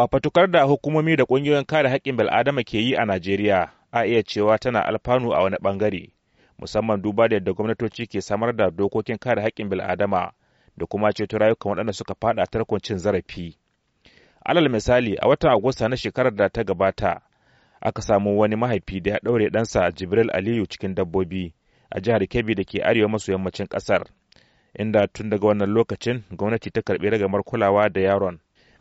fafatukar da hukumomi da ƙungiyoyin kare haƙƙin bil'adama ke yi a najeriya a iya cewa tana alfanu a wani ɓangare musamman duba da yadda gwamnatoci ke samar da dokokin kare haƙƙin bil'adama da kuma ceto rayukan waɗanda suka faɗa tarkon cin zarafi alal misali a watan agusta na shekarar da ta gabata aka samu wani mahaifi da ya ɗaure ɗansa jibril aliyu cikin dabbobi a jihar kebbi da ke arewa maso yammacin ƙasar inda tun daga wannan lokacin gwamnati ta karɓi ragamar kulawa da yaron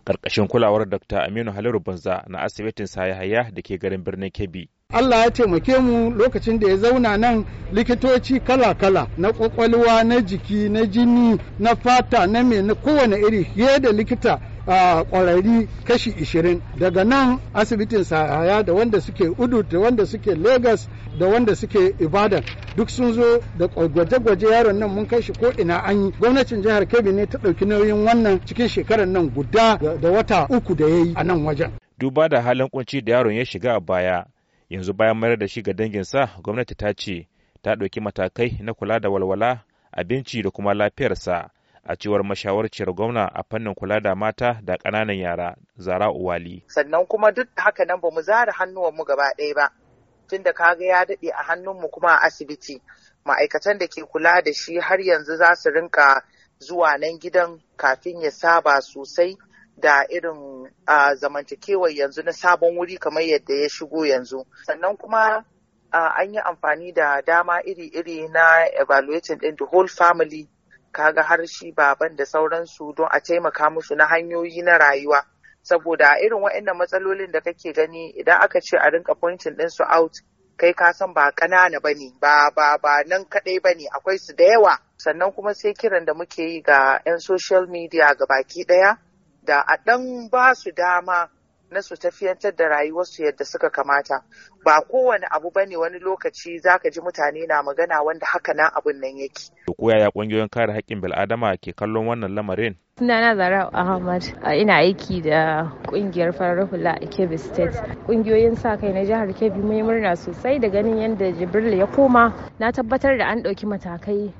karkashin kulawar Dr. Aminu Haliru Banza na asibitin Sayahaya da ke garin birnin Kebbi. Allah ya taimake mu lokacin da ya zauna nan likitoci kala-kala na kwakwalwa na jiki na jini na fata na mai kowane iri fiye da likita a kwararri kashi 20 daga nan asibitin sahaya da wanda suke udu da wanda suke lagos da wanda suke ibadan duk sun zo da gwaje-gwaje yaron nan mun kai shi ko ina an yi gwamnatin jihar kebbi ne ta ɗauki nauyin wannan cikin shekarar nan guda da wata uku da ya yi a nan wajen duba da halin kunci da yaron ya shiga a baya yanzu bayan mayar da shi ga danginsa gwamnati ta ce ta ɗauki matakai na kula da walwala abinci da kuma lafiyarsa a cewar mashawarciyar gwamna a fannin kula da mata da ƙananan yara zara uwali sannan kuma duk haka nan ba mu zara hannuwanmu gaba ɗaya ba tun da kaga ya daɗe a hannunmu kuma a asibiti ma'aikatan da ke kula da shi har yanzu za su rinka zuwa nan gidan kafin ya saba sosai da irin zamantakewar yanzu na sabon wuri kamar yadda ya shigo yanzu sannan kuma an yi amfani da dama iri-iri na evaluating din the whole family kaga har shi baban da sauransu don a taimaka musu na hanyoyi na rayuwa saboda irin waɗannan matsalolin da kake gani idan aka ce a rinka pointin din su out kai ka san ba ƙanana bane ba ba ba nan kaɗai bane akwai su da yawa sannan kuma sai kiran da muke yi ga 'yan social media ga baki ɗaya da a ɗan ba su dama na su tafiyantar da rayuwarsu yadda suka kamata ba kowane abu bane wani lokaci zaka ji mutane na magana wanda haka na abun nan yake ko yaya kungiyoyin kare haƙƙin bil'adama ke kallon wannan lamarin sunana zara ahmad ina aiki da kungiyar farar hula a kebbi state kungiyoyin sa kai na jihar kebbi mai murna sosai da ganin yadda jibril ya koma na tabbatar da an ɗauki matakai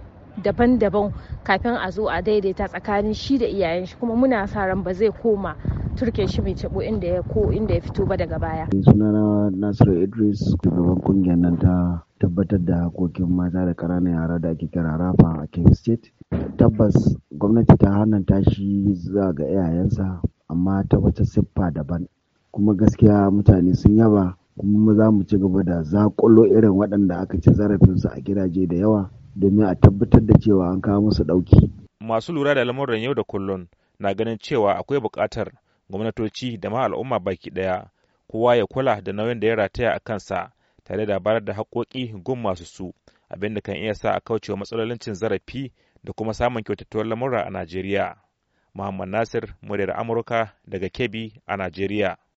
daban-daban kafin a zo a daidaita tsakanin shi da iyayen shi kuma muna sa ran ba zai koma turke shi bai cabo inda ya ko inda ya fito ba daga baya. Eh, sunana Nasiru Idris, shugaban kungiyar nan ta tabbatar da hakokin mata da ƙananan yara da ake kira rafa a Kebbi State. Tabbas gwamnati ta hannun shi zuwa ga iyayensa amma ta wata siffa daban. Kuma gaskiya mutane sun yaba kuma za mu ci gaba da zaƙulo irin waɗanda aka ci zarafinsu a gidaje da yawa domin a tabbatar da cewa an kawo musu ɗauki. Masu lura da lamuran yau da kullum na ganin cewa akwai buƙatar gwamnatoci da ma al'umma baki daya kowa ya kula da nauyin da ya rataya a kansa tare da bayar da haƙoƙi gun masu su abin da kan iya sa a kaucewa matsalolin cin zarafi da kuma samun kyautattuwar lamura a Najeriya. Muhammad Nasir, muryar Amurka daga Kebbi a Najeriya.